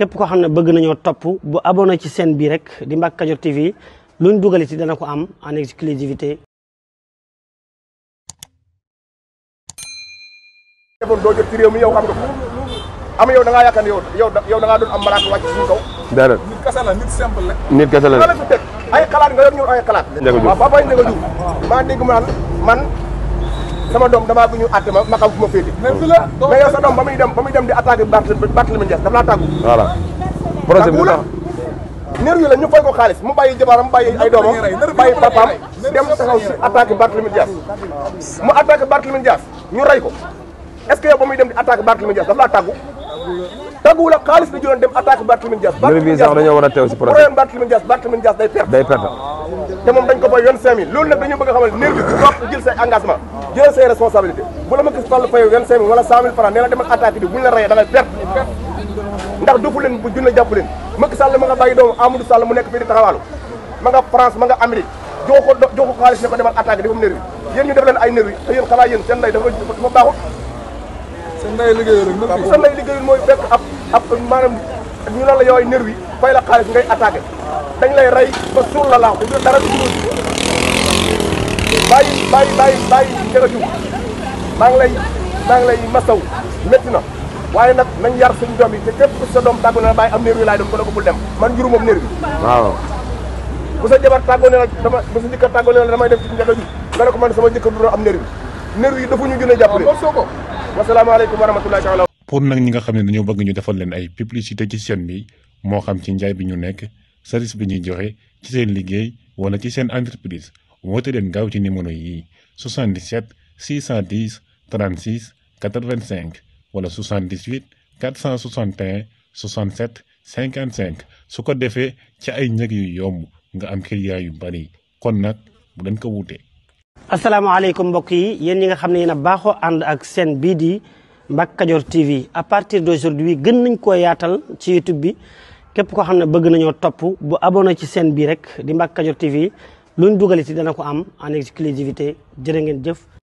képp koo xam ne bëgg nañoo topp boo abonné ci seen bi rek di Mbacke Kadior TV luñ dugal ci dana ko am en exclusivité defoon doo jot ci réew mi yow xam nga ko am yow da ngaa yaakaar ne yow doon am malaat wàcc suñu kaw déedéet nit kese nit simple la nit kese la la fi ay xalaat nga yor ñun ay xalaat maa dégg mu man sama doom damaa bu ñu àtte ma ma xam fu dem ba muy dem di attaqué Barthélémy Dias dafa laa tàggu. voilà projet la nër ñu fay ko xaalis mu bàyyi jabaram bàyyi ay doomam bàyyi papaam dem taxaw si attaqué Barthélémy Dias mu attaqué Barthélémy Dias ñu rey ko est ba que yow ba muy dem di attaqué Barthélémy Dias laa tàggu. tàgguwul ak xaalis bi jëloon dem attaque Barthélémy Dias. Barthélémy Dias dañoo war day perte. te moom dañ ko boy yoon 5000 loolu nag dañoo bëgg a xamal nervi bi jël say engagement jëlal say responsabilité bu la ma gis toll fay vingt cinq mille wala cent nee la demal attaque bi bu ñu la rayee da ngay ndax dufu bu junne jàpp leen Macky Sall ma nga bàyyi doomu Amadou Sall mu nekk fii di taxawaalu ma nga France ma nga Amérique jox xaalis ne ko demal attaque dafa am nervi yéen ñu def leen ay nervi te yéen seen ndey dafa dafa baaxul seen seen ndey liggéeyul mooy fekk ab ab maanaam ñu la la yooy nervi fay la bàyyi bàyyi bàyyi bàyyi kër na bàyyi ñi nga xam ne dañoo bëgg ñu defal leen ay publicité ci seen bi moo xam ci njaay bi ñu nekk service bi ñuy joxe ci seen liggéey wala ci seen entreprise woote leen gaaw ci numéro yi 77 610 36 85 wala 78 461 67 55 su ko defee ci ay njëg yu yomb nga am client yu bari kon nag bu leen ko wuute. asalaamaaleykum mbokk yi yéen yi nga xam ne yéen a baaxoo ànd ak seen bii di Mbacke Kadior TV à partir d'aujourd'hui gën nañ koo yaatal ci YouTube bi képp koo xam ne bëgg nañoo topp bu abonné ci seen bii rek di Mbacke Kadior TV. luñ dugal ci dana ko am en exclusivité jërë ngeen jëf